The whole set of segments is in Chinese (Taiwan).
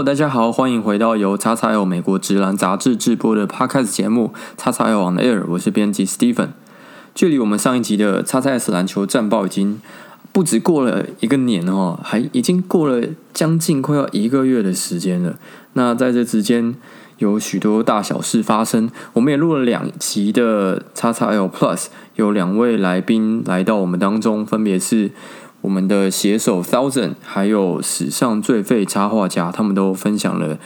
Hello，大家好，歡迎回到由叉叉 L 美國職籃雜志制播的 Podcast 節目叉叉 L on Air，我是編輯 Stephen。距離我們上一集的叉叉 L 籃球戰報已經不止過了一個年哦，還已經過了將近快要一個月的時間了。那在這之間有許多大小事發生，我們也錄了兩集的叉叉 L Plus，有兩位來賓來到我們當中，分別是。我們的寫手 Thousand，還有史上最廢插畫家，他們都分享了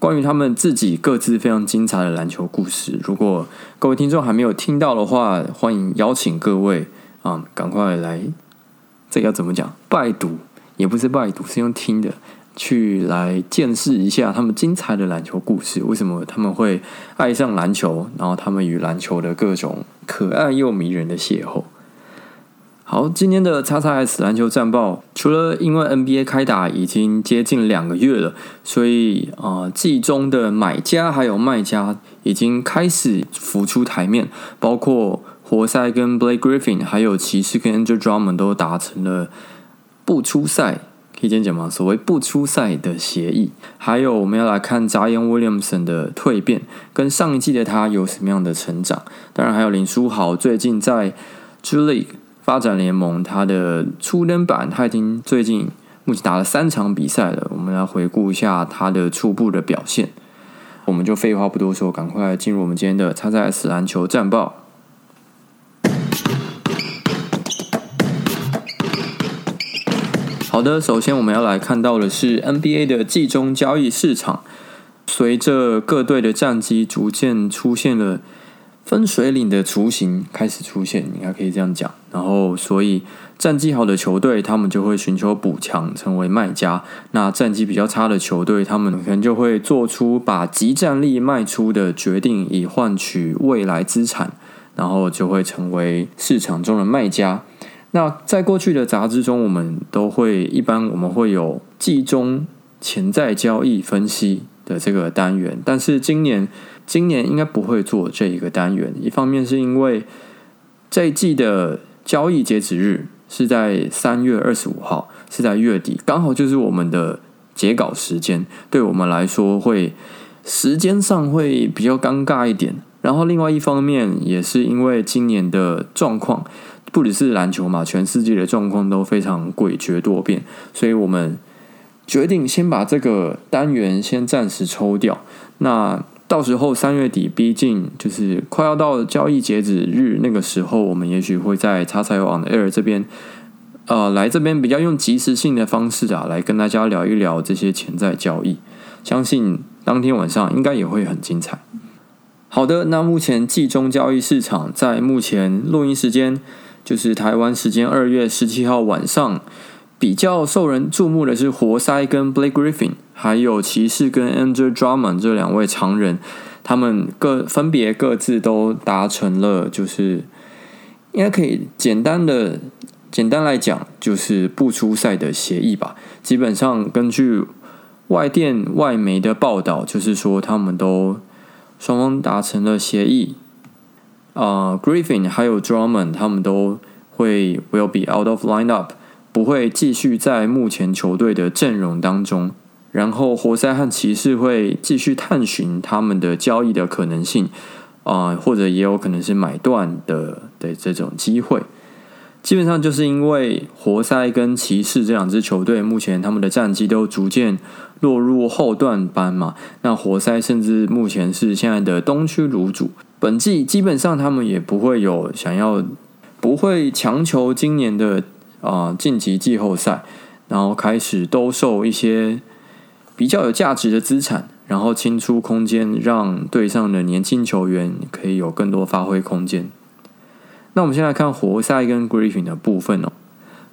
關於他們自己各自非常精彩的籃球故事。如果各位聽眾還沒有聽到的話，歡迎邀請各位啊、嗯，趕快來，這個、要怎麼講？拜讀也不是拜讀，是用聽的去來見識一下他們精彩的籃球故事。為什麼他們會愛上籃球？然後他們與籃球的各種可愛又迷人的邂逅。好，今天的叉叉 S 籃球戰報，除了因為 NBA 開打已經接近兩個月了，所以啊、呃，季中的買家還有賣家已經開始浮出檯面，包括活塞跟 Blake Griffin，還有騎士跟 Andrew Drummond 都達成了不出賽，可以講嗎？所謂不出賽的協議，還有我們要來看 Zion Williamson 的蛻變，跟上一季的他有什麼樣的成長？當然還有林書豪最近在 G League 發展聯盟，他的初登板，他已經最近目前打了三場比賽了。我們來回顧一下他的初步的表現。我們就廢話不多說，趕快進入我們今天的 XXS 籃球戰報。好的，首先我們要來看到的是 NBA 的季中交易市場，隨着各隊的戰績逐漸出現了分水嶺的雛形開始出現，應該可以這樣講。然後，所以戰績好的球隊，他們就會尋求補強，成為賣家；那戰績比較差的球隊，他們可能就會做出把即戰力賣出的決定，以換取未來資產，然後就會成為市場中的賣家。那在過去的雜誌中，我們都會一般我們會有季中潛在交易分析的這個單元，但是今年今年應該不會做這一個單元。一方面是因為這一季的。交易截止日是在三月二十五號，是在月底，剛好就是我們的截稿時間，對我們來說會時間上會比較尷尬一點。然後，另外一方面也是因為今年的狀況，不只是籃球嘛，全世界的狀況都非常詭譎多變，所以我們決定先把這個單元先暫時抽掉。那。到時候三月底逼近，竟，就是快要到交易截止日那個時候，我們也許會在 XXS on Air 這邊，呃，來這邊比較用即時性的方式啊，來跟大家聊一聊這些潛在交易。相信當天晚上應該也會很精彩。好的，那目前季中交易市場在目前錄音時間就是台灣時間二月十七號晚上。比較受人注目的是活塞跟 Blake Griffin，還有騎士跟 Andre Drummond 這兩位常人，他們各分別各自都達成了，就是應該可以簡單的簡單來講，就是不出賽的協議吧。基本上根據外電外媒的報道，就是說他們都雙方達成了協議啊，uh，Griffin 還有 Drummond 他們都會 will be out of lineup。不會繼續在目前球隊的陣容當中，然後活塞和騎士會繼續探尋他們的交易的可能性啊、呃，或者也有可能是買斷的的這種機會。基本上就是因為活塞跟騎士這兩支球隊目前他們的戰績都逐漸落入後段班嘛，那活塞甚至目前是現在的東區魯主，本季基本上他們也不會有想要不會強求今年的。啊，晉級季後賽，然後開始兜售一些比較有價值的資產，然後清出空間，讓隊上的年輕球員可以有更多發揮空間。那我們先來看活塞跟 Griffin 的部分哦。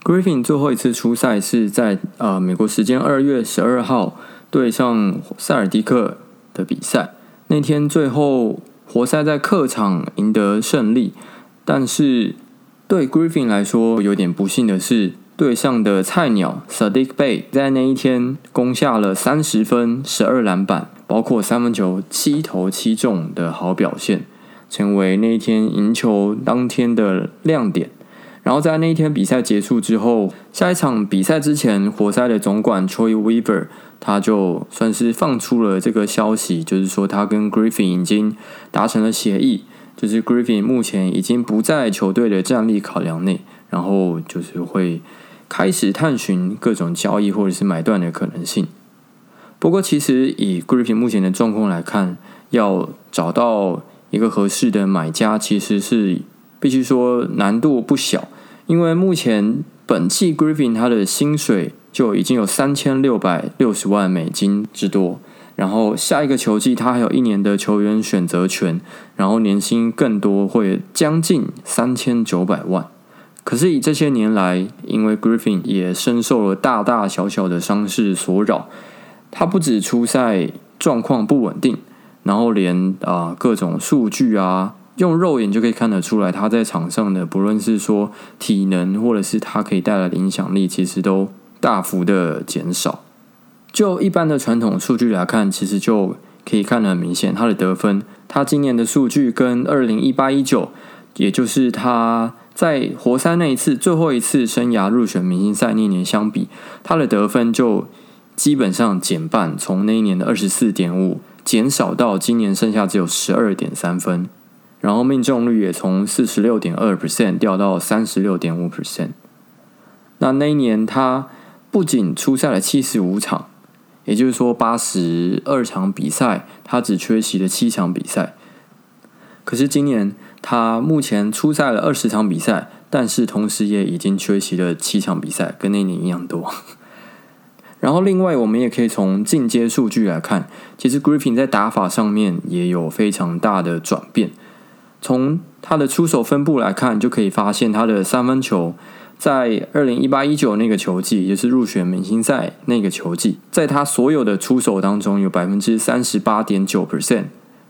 Griffin 最後一次出賽是在呃美國時間二月十二號對上塞爾提克的比賽。那天最後活塞在客場贏得勝利，但是。對 Griffin 來說有點不幸的是，對上的菜鳥 Saddiq Bey 在那一天攻下了三十分、十二籃板，包括三分球七投七中的好表現，成為那一天贏球當天的亮點。然後在那一天比賽結束之後，下一場比賽之前，活塞的總管 Troy Weaver 他就算是放出了這個消息，就是說他跟 Griffin 已經達成了協議。就是 Griffin 目前已經不在球隊的戰力考量內，然後就是會開始探尋各種交易或者是買斷的可能性。不過，其實以 Griffin 目前的狀況來看，要找到一個合適的買家，其實是必須說難度不小，因為目前本季 Griffin 他的薪水就已經有三千六百六十萬美金之多。然後下一個球季，他還有一年的球員選擇權，然後年薪更多會將近三千九百萬。可是以這些年來，因為 Griffin 也深受了大大小小的傷勢所擾，他不止出賽狀況不穩定，然後連啊、呃、各種數據啊，用肉眼就可以看得出來，他在場上的不論是說體能，或者是他可以帶來的影響力，其實都大幅的減少。就一般的傳統數據來看，其實就可以看得很明顯，他的得分，他今年的數據跟二零一八一九，也就是他在活塞那一次最後一次生涯入選明星賽那一年相比，他的得分就基本上減半，從那一年的二十四點五減少到今年剩下只有十二點三分，然後命中率也從四十六點二 percent 掉到三十六點五 percent。那那一年他不僅出賽了七十五場。也就是說，八十二場比賽，他只缺席了七場比賽。可是今年他目前出賽了二十場比賽，但是同時也已經缺席了七場比賽，跟那年一樣多。 然後，另外我們也可以從進階數據來看，其實 Griffin 在打法上面也有非常大的轉變。從他的出手分布來看，就可以發現他的三分球。在二零一八一九那個球季，也、就是入選明星賽那個球季，在他所有的出手當中，有百分之三十八點九 percent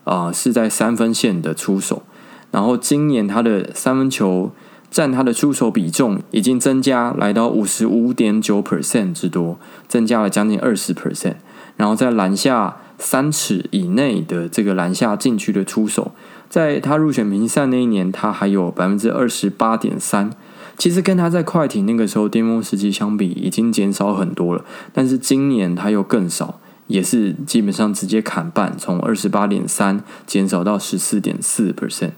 啊，是在三分線的出手。然後今年他的三分球佔他的出手比重已經增加，來到五十五點九 percent 之多，增加了將近二十 percent。然後在籃下三尺以內的這個籃下禁區的出手，在他入選明星賽那一年，他還有百分之二十八點三。其實跟他在快艇那個時候巔峰時期相比，已經減少很多了。但是今年他又更少，也是基本上直接砍半，從二十八點三減少到十四點四 percent。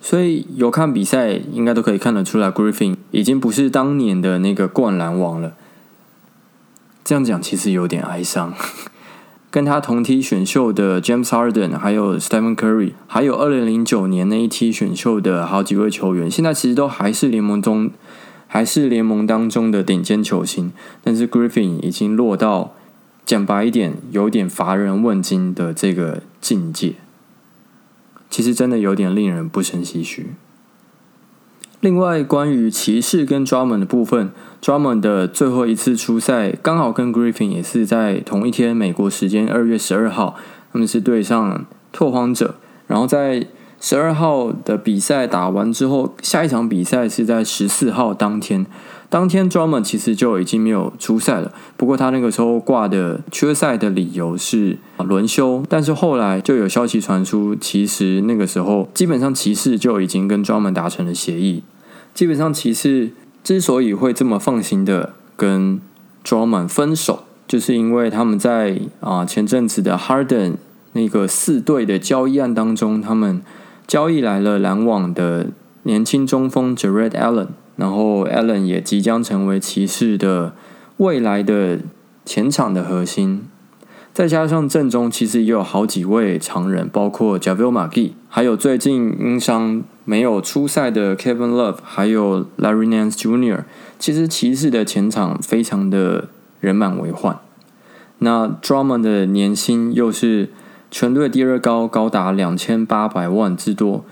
所以有看比賽，應該都可以看得出來，Griffin 已經不是當年的那個灌籃王了。這樣講其實有點哀傷。跟他同梯選秀的 James Harden，還有 Stephen Curry，還有二零零九年那一梯選秀的好幾位球員，現在其實都還是聯盟中，還是聯盟當中的頂尖球星。但是 Griffin 已經落到，講白一點，有點乏人問津的這個境界，其實真的有點令人不勝唏噓。另外，關於騎士跟 Drummond 的部分 Drummond 的最後一次出賽剛好跟 Griffin 也是在同一天，美國時間二月十二號，他們是對上拓荒者。然後在十二號的比賽打完之後，下一場比賽是在十四號當天，當天 Drummond 其實就已經沒有出賽了。不過他那個時候掛的缺賽的理由是輪休，但是後來就有消息傳出，其實那個時候基本上騎士就已經跟 Drummond 達成了協議。基本上，騎士之所以會這麼放心的跟 Drummond 分手，就是因為他們在啊前陣子的 Harden 那個四隊的交易案當中，他們交易來了籃網的年輕中鋒 Jarrett Allen，然後 Allen 也即將成為騎士的未來的前場的核心。再加上陣中其實也有好幾位常人，包括 JaVale McGee 還有最近因傷沒有出賽的 Kevin Love，還有 Larry Nance Jr。其實騎士的前場非常的人滿為患。那 Drummond 的年薪又是全隊第二高，高達兩千八百萬之多。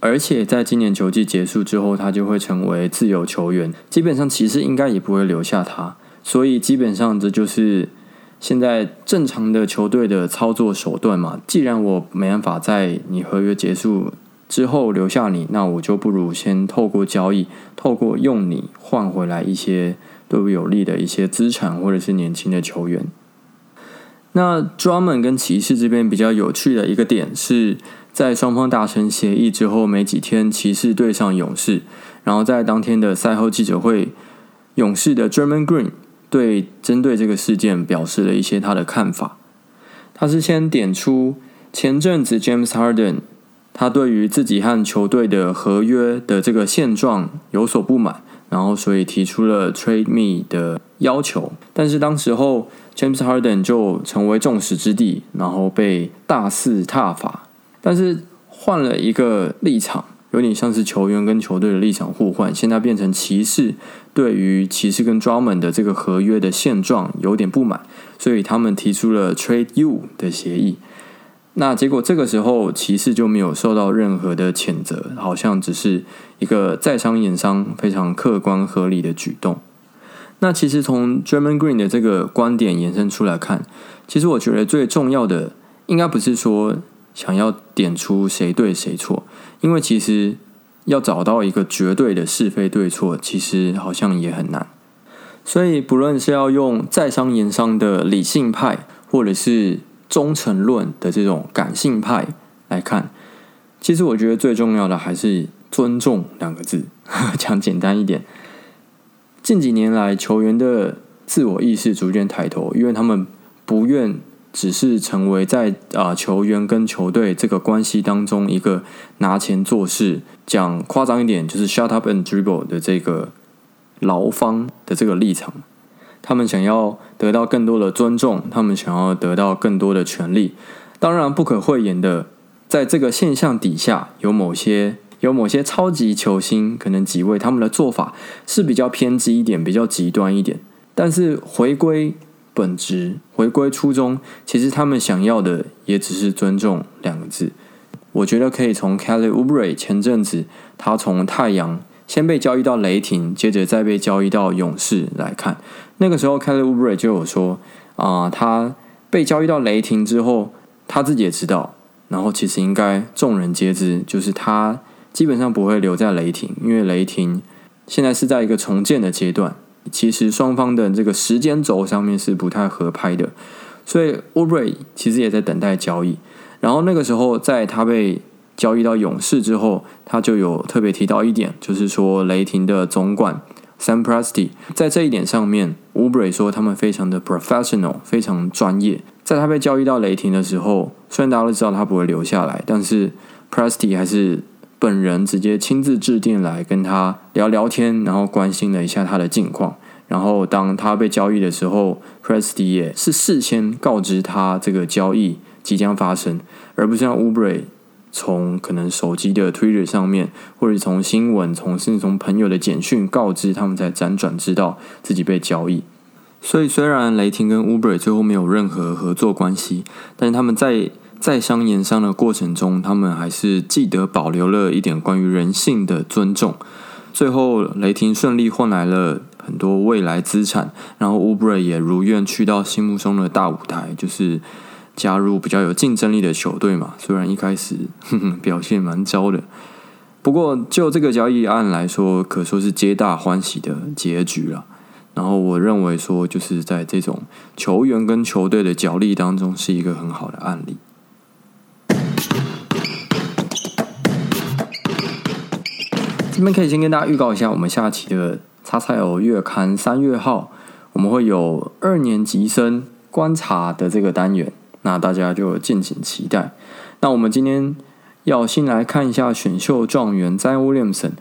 而且在今年球季結束之後，他就會成為自由球員，基本上騎士應該也不會留下他。所以基本上這就是。現在正常的球隊的操作手段嘛，既然我沒辦法在你合約結束之後留下你，那我就不如先透過交易，透過用你換回來一些對我有利的一些資產或者是年輕的球員。那 Drummond 跟騎士這邊比較有趣的一個點是，在雙方達成協議之後沒幾天，騎士對上勇士，然後在當天的賽後記者會，勇士的 Draymond Green。對針對這個事件表示了一些他的看法，他是先點出前陣子 James Harden 他對於自己和球隊的合約的這個現狀有所不滿，然後所以提出了 Trade me 的要求，但是當時候 James Harden 就成為眾矢之的，然後被大肆撻伐，但是換了一個立場。有點像是球員跟球隊的立場互換，現在變成騎士對於騎士跟 Drummond 的這個合約的現狀有點不滿，所以他們提出了 Trade You 的協議。那結果這個時候騎士就沒有受到任何的譴責，好像只是一個在商言商非常客觀合理的舉動。那其實從 Draymond Green 的這個觀點延伸出來看，其實我覺得最重要的應該不是說。想要點出誰對誰錯，因為其實要找到一個絕對的是非對錯，其實好像也很難。所以，不論是要用在商言商的理性派，或者是忠誠論的這種感性派來看，其實我覺得最重要的還是尊重兩個字。 講簡單一點，近幾年來球員的自我意識逐漸抬頭，因為他們不願。只是成為在啊、呃、球員跟球隊這個關係當中一個拿錢做事，講誇張一點就是 shut up and dribble 的這個勞方的這個立場，他們想要得到更多的尊重，他們想要得到更多的權利。當然不可諱言的，在這個現象底下，有某些有某些超級球星可能幾位他們的做法是比較偏激一點，比較極端一點，但是回歸。本質回歸初衷，其實他們想要的也只是尊重兩個字。我覺得可以從 Kelly Oubre 前陣子他從太陽先被交易到雷霆，接着再被交易到勇士來看。那個時候 Kelly Oubre 就有說啊、呃，他被交易到雷霆之後，他自己也知道，然後其實應該眾人皆知，就是他基本上不會留在雷霆，因為雷霆現在是在一個重建的階段。其實雙方的這個時間軸上面是不太合拍的，所以烏布瑞其實也在等待交易。然後那個時候，在他被交易到勇士之後，他就有特別提到一點，就是說雷霆的總管 Sam Presti 在這一點上面，烏布瑞說他們非常的 professional，非常專業。在他被交易到雷霆的時候，雖然大家都知道他不會留下來，但是 Presti 還是。本人直接親自致電，來跟他聊聊天，然後關心了一下他的近況。然後當他被交易的時候，Presti 是事先告知他這個交易即將發生，而不是讓 Oubre 從可能手機的 Twitter 上面，或者是從新聞，從甚至從朋友的簡訊告知他們，才輾轉知道自己被交易。所以雖然雷霆跟 Oubre 最後沒有任何合作關係，但是他們在。在商言商的過程中，他們還是記得保留了一點關於人性的尊重。最後，雷霆順利換來了很多未來資產，然後烏布雷也如願去到心目中的大舞台，就是加入比較有競爭力的球隊嘛。雖然一開始哼哼表現蠻糟的，不過就這個交易案來說，可說是皆大歡喜的結局了。然後，我認為說，就是在這種球員跟球隊的角力當中，是一個很好的案例。這邊可以先跟大家預告一下，我們下期的《XXS 月刊》三月號，我們會有二年級生觀察的這個單元，那大家就敬請期待。那我們今天要先來看一下選秀狀元 Zion Williamson，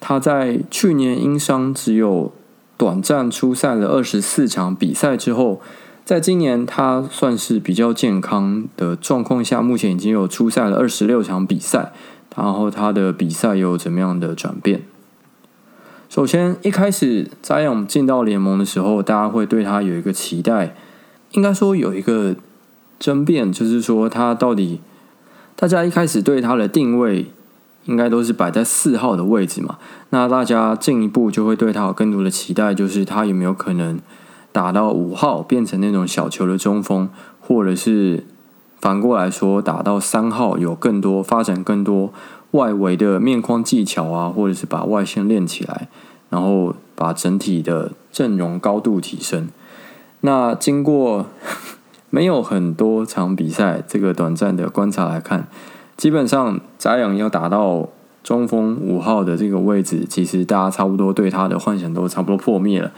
他在去年因傷只有短暫出賽了二十四場比賽之後，在今年他算是比較健康的狀況下，目前已經有出賽了二十六場比賽。然後他的比賽有怎麼樣的轉變？首先，一開始在我們進到聯盟的時候，大家會對他有一個期待，應該說有一個爭辯，就是說他到底，大家一開始對他的定位，應該都是擺在四號的位置嘛。那大家進一步就會對他有更多的期待，就是他有沒有可能打到五號，變成那種小球的中鋒，或者是。反過來說，打到三號有更多發展，更多外圍的面框技巧啊，或者是把外線練起來，然後把整體的陣容高度提升。那經過呵呵沒有很多場比賽，這個短暫的觀察來看，基本上 Zion 要打到中鋒五號的這個位置，其實大家差不多對他的幻想都差不多破滅了。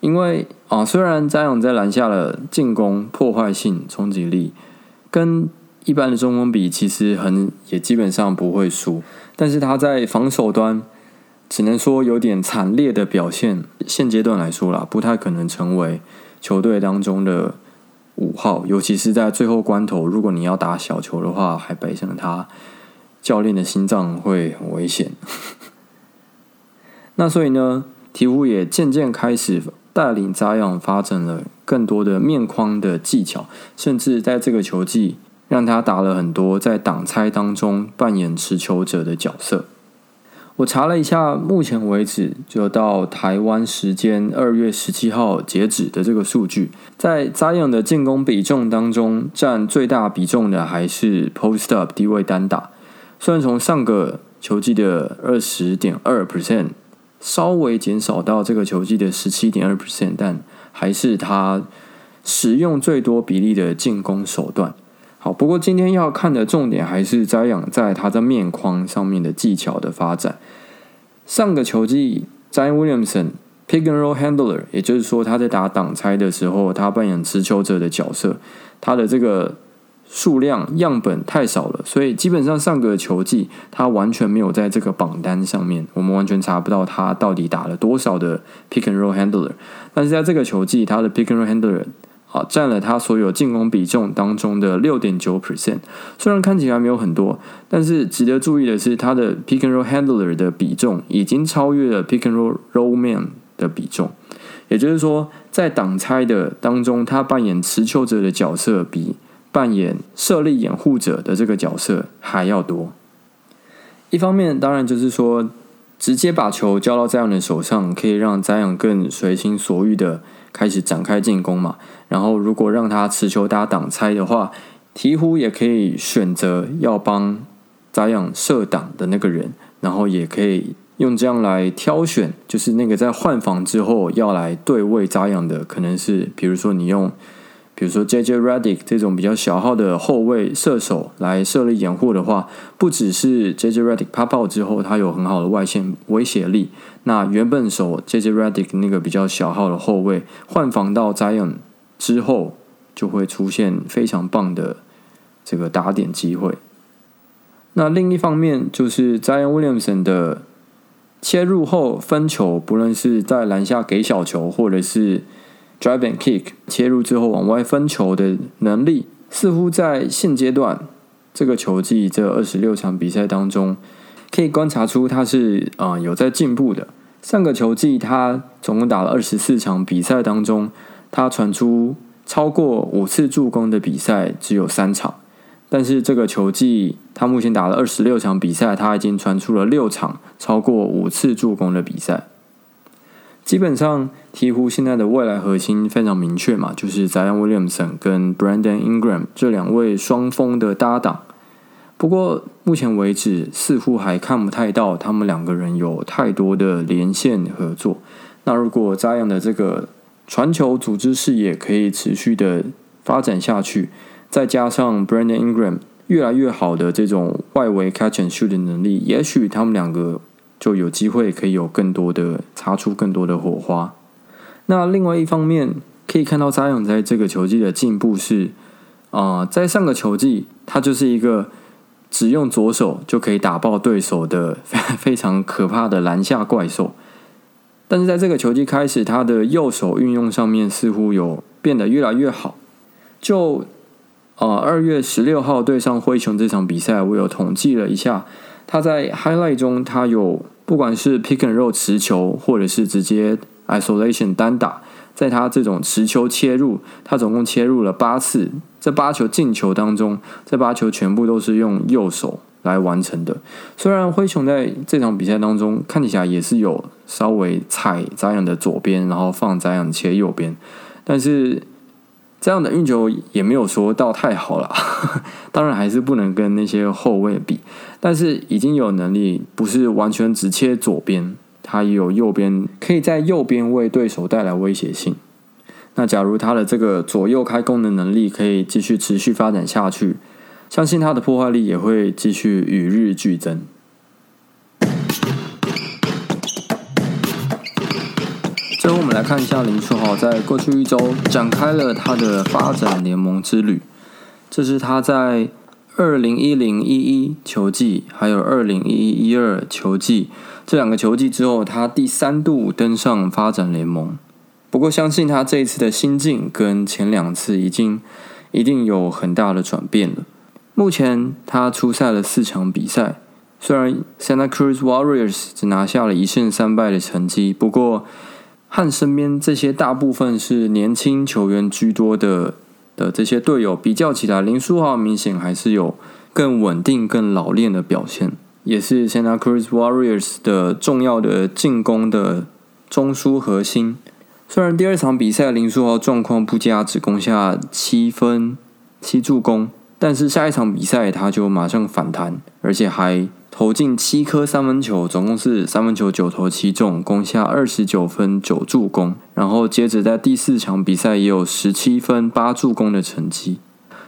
因為啊，雖然 Zion 在籃下的進攻破壞性衝擊力。跟一般的中鋒比，其實很也基本上不會輸，但是他在防守端只能說有點慘烈的表現。現階段來說啦，不太可能成為球隊當中的五號，尤其是在最後關頭，如果你要打小球的話，還背上了他教練的心臟會很危險。 那所以呢，鵜鶘也漸漸開始。帶領 Zion 發展了更多的面框的技巧，甚至在這個球季讓他打了很多在擋拆當中扮演持球者的角色。我查了一下，目前為止就到台灣時間二月十七號截止的這個數據，在 Zion 的進攻比重當中占最大比重的還是 post up 低位單打，雖然從上個球季的二十點二 percent。稍微減少到這個球季的十七點二 percent，但還是他使用最多比例的進攻手段。好，不過今天要看的重點還是 Zion 在他的面框上面的技巧的發展。上個球季 Zion Williamson Pick and Roll Handler，也就是說他在打擋拆的時候，他扮演持球者的角色，他的這個數量樣本太少了，所以基本上上個球季，他完全沒有在這個榜單上面，我們完全查不到他到底打了多少的 pick and roll handler。但是在這個球季，他的 pick and roll handler 啊佔了他所有進攻比重當中的六點九 percent。雖然看起來沒有很多，但是值得注意的是，他的 pick and roll handler 的比重已經超越了 pick and roll roll man 的比重。也就是說，在擋拆的當中，他扮演持球者的角色比扮演設立掩護者的這個角色還要多。一方面，當然就是說，直接把球交到 Zion 手上，可以讓 Zion 更隨心所欲的開始展開進攻嘛。然後，如果讓他持球打擋拆的話，鵜鶘也可以選擇要幫 Zion 設擋的那個人，然後也可以用這樣來挑選，就是那個在換防之後要來對位 Zion 的，可能是比如說你用。比如說，J J Redick 這種比較小號的後衛射手來設立掩護的話，不只是 J J Redick pop out 之後，他有很好的外線威脅力。那原本守 J J Redick 那個比較小號的後衛換防到 Zion 之後，就會出現非常棒的這個打點機會。那另一方面，就是 Zion Williamson 的切入後分球，不論是在籃下給小球，或者是。Drive and kick 切入之後往外分球的能力，似乎在現階段這個球季這二十六場比賽當中，可以觀察出他是啊有在進步的。上個球季他總共打了二十四場比賽當中，他傳出超過五次助攻的比賽只有三場，但是這個球季他目前打了二十六場比賽，他已經傳出了六場超過五次助攻的比賽。基本上鵜鶘現在的未來核心非常明確嘛，就是 Zion Williamson 跟 Brandon Ingram 這兩位雙峰的搭檔。不過目前為止似乎還看不太到他們兩個人有太多的連線合作。那如果 Zion 的這個傳球組織視野可以持續的發展下去，再加上 Brandon Ingram 越來越好的這種外圍 catch and shoot 的能力，也許他們兩個。就有機會可以有更多的擦出更多的火花。那另外一方面，可以看到 Zion 在這個球季的進步是啊、呃，在上個球季，他就是一個只用左手就可以打爆對手的非常可怕的籃下怪獸。但是在這個球季開始，他的右手運用上面似乎有變得越來越好。就啊、呃、二月十六號對上灰熊這場比賽，我有統計了一下。他在 highlight 中，他有不管是 pick and roll 持球，或者是直接 isolation 單打，在他這種持球切入，他總共切入了八次，這八球進球當中，這八球全部都是用右手來完成的。雖然灰熊在這場比賽當中看起來也是有稍微踩 Zion 的左邊，然後放 Zion 切右邊，但是。這樣的運球也沒有說到太好了，當然還是不能跟那些後衛比，但是已經有能力，不是完全只切左邊，他也有右邊，可以在右邊為對手帶來威脅性。那假如他的這個左右開弓的能力可以繼續持續發展下去，相信他的破壞力也會繼續與日俱增。後，所以我們來看一下林書豪在過去一周展開了他的發展聯盟之旅。這是他在二零一零一一球季，還有二零一一一二球季這兩個球季之後，他第三度登上發展聯盟。不過，相信他這一次的心境跟前兩次已經一定有很大的轉變了。目前他出賽了四場比賽，雖然 Santa Cruz Warriors 只拿下了一勝三敗的成績，不過，和身邊這些大部分是年輕球員居多的的這些隊友比較起來，林書豪明顯還是有更穩定、更老練的表現，也是 Santa Cruz Warriors 的重要的進攻的中樞核心。雖然第二場比賽林書豪狀況不佳，只攻下七分七助攻，但是下一場比賽他就馬上反彈，而且還。投進七顆三分球，總共是三分球九投七中，攻下二十九分九助攻。然後接着在第四場比賽也有十七分八助攻的成績。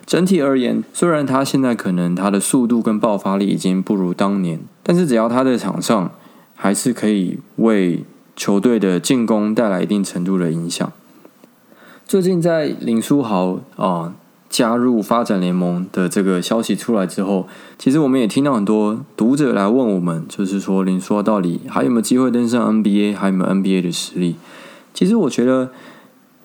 整體而言，雖然他現在可能他的速度跟爆發力已經不如當年，但是只要他在場上，還是可以為球隊的進攻帶來一定程度的影響。最近在林書豪啊。加入發展聯盟的這個消息出來之後，其實我們也聽到很多讀者來問我們，就是說林書豪到底還有沒有機會登上 NBA，還有沒有 NBA 的實力？其實我覺得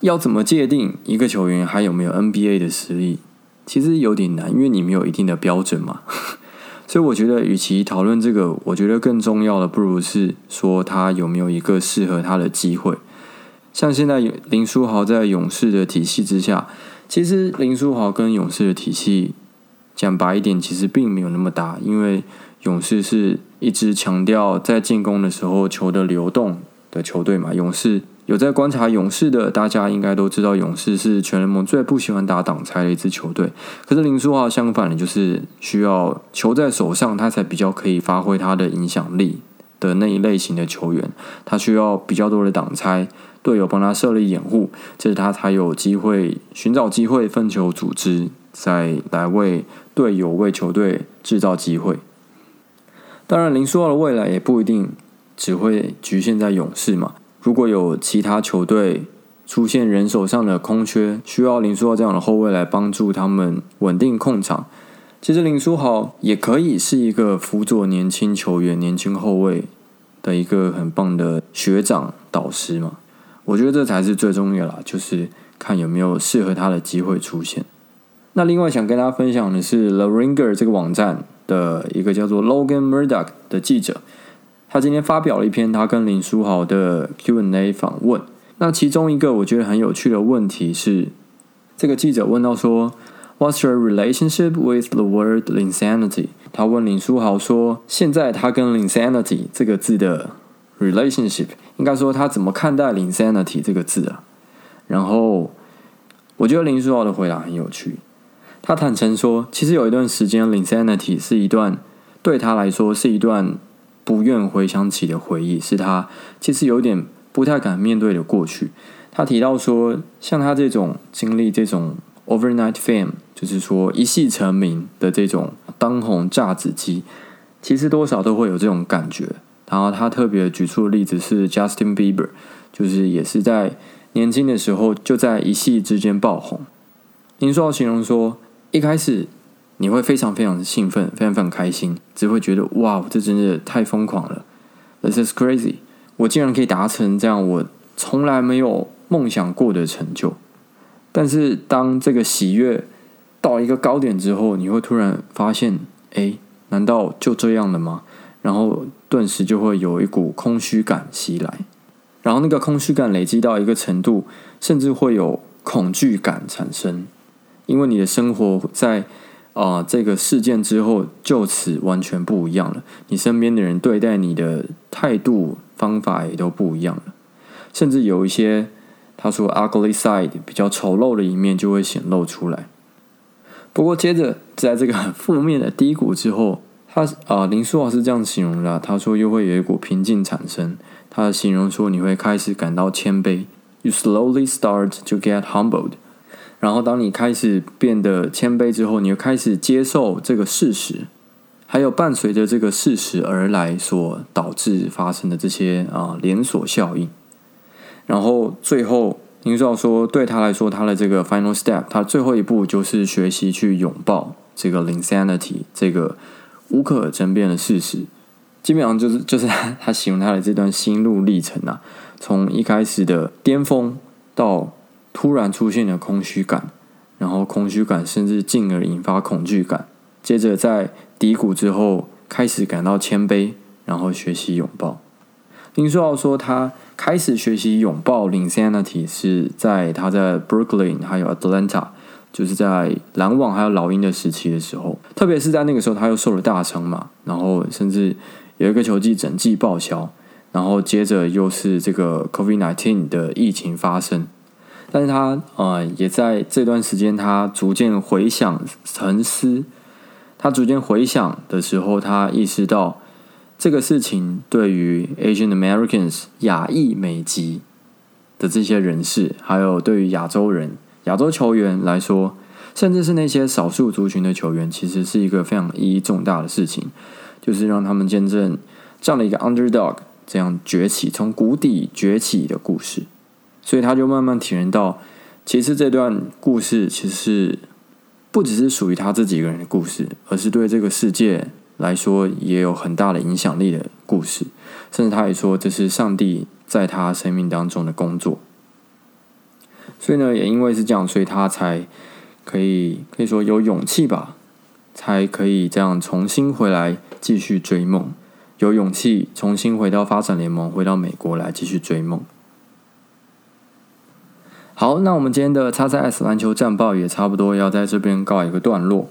要怎麼界定一個球員還有沒有 NBA 的實力，其實有點難，因為你沒有一定的標準嘛。 所以我覺得，與其討論這個，我覺得更重要的，不如是說他有沒有一個適合他的機會。像現在林書豪在勇士的體系之下，其實林書豪跟勇士的體系講白一點，其實並沒有那麼大。因為勇士是一支強調在進攻的時候球的流動的球隊嘛。勇士有在觀察勇士的，大家應該都知道，勇士是全聯盟最不喜歡打擋拆的一支球隊。可是林書豪相反的，就是需要球在手上，他才比較可以發揮他的影響力的那一類型的球員，他需要比較多的擋拆。隊友幫他設立掩護，這是他才有機會尋找機會分球組織，再來為隊友為球隊制造機會。當然，林書豪的未來也不一定只會局限在勇士嘛。如果有其他球隊出現人手上的空缺，需要林書豪這樣的後衛來幫助他們穩定控場。其實林書豪也可以是一個輔佐年輕球員、年輕後衛的一個很棒的學長導師嘛。我覺得這才是最重要的啦，就是看有沒有適合他的機會出現。那另外想跟大家分享的是，《The Ringer》這個網站的一個叫做 Logan Murdock 的記者，他今天發表了一篇他跟林書豪的 Q&A 訪問。那其中一個我覺得很有趣的問題是，這個記者問到說：“What's your relationship with the word 'Linsanity'？” 他問林書豪說：“現在他跟 'Linsanity' 這個字的 relationship？” 應該說，他怎麼看待 “Linsanity” 這個字啊？然後，我覺得林書豪的回答很有趣。他坦誠說，其實有一段時間，“Linsanity” 是一段對他來說是一段不願回想起的回憶，是他其實有點不太敢面對的過去。他提到說，像他這種經歷這種 overnight fame，就是說一夕成名的這種當紅炸子雞，其實多少都會有這種感覺。然後他特別舉出的例子是 Justin Bieber，就是也是在年輕的時候就在一夕之間爆紅。您說到形容說，一開始你會非常非常興奮，非常非常開心，只會覺得哇，這真的太瘋狂了，This is crazy！我竟然可以達成這樣我從來沒有夢想過的成就。但是當這個喜悅到一個高點之後，你會突然發現，哎，難道就這樣了嗎？然後頓時就會有一股空虛感襲來，然後那個空虛感累積到一個程度，甚至會有恐懼感產生，因為你的生活在啊、呃、這個事件之後就此完全不一樣了，你身邊的人對待你的態度方法也都不一樣了，甚至有一些他說 ugly side 比較醜陋的一面就會顯露出來。不過接着在這個負面的低谷之後。他啊、呃，林書豪是這樣形容的、啊。他說，又會有一股平靜產生。他形容說，你會開始感到謙卑，you slowly start to get humbled。然後，當你開始變得謙卑之後，你又開始接受這個事實。還有伴隨着這個事實而來所導致發生的這些啊、呃、連鎖效應。然後最後，林書豪說，對他來說，他的這個 final step，他最後一步就是學習去擁抱這個 insanity 這個。無可爭辯的事實，基本上就是就是他形容他，他的這段心路歷程啊，從一開始的巔峰，到突然出現的空虛感，然後空虛感甚至進而引發恐懼感，接着在低谷之後開始感到謙卑，然後學習擁抱。林書豪說，他開始學習擁抱 Linsanity 是在他在 Brooklyn 還有 Atlanta。就是在籃網還有老鷹的時期的時候，特別是在那個時候，他又受了大傷嘛，然後甚至有一個球季整季報銷，然後接着又是這個 COVID nineteen 的疫情發生，但是他呃也在這段時間，他逐漸回想沉思，他逐漸回想的時候，他意識到這個事情對於 Asian Americans 亞裔美籍的這些人士，還有對於亞洲人。亞洲球員來說，甚至是那些少數族群的球員，其實是一個非常意義重大的事情，就是讓他們見證這樣的一個 underdog 這樣崛起，從谷底崛起的故事。所以他就慢慢體認到，其實這段故事其實是不只是屬於他自己個人的故事，而是對這個世界來說也有很大的影響力的故事。甚至他也說，這是上帝在他生命當中的工作。所以呢，也因為是這樣，所以他才可以可以說有勇氣吧，才可以這樣重新回來繼續追夢，有勇氣重新回到發展聯盟，回到美國來繼續追夢。好，那我們今天的 XXS 籃球戰報也差不多要在這邊告一個段落，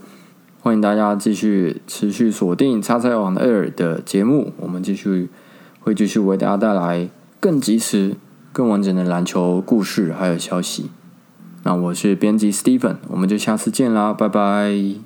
歡迎大家繼續持續鎖定 XXS on Air 的節目，我們繼續會繼續為大家帶來更及時。更完整的籃球故事還有消息，那我是編輯 Stephen，我們就下次見啦，拜拜。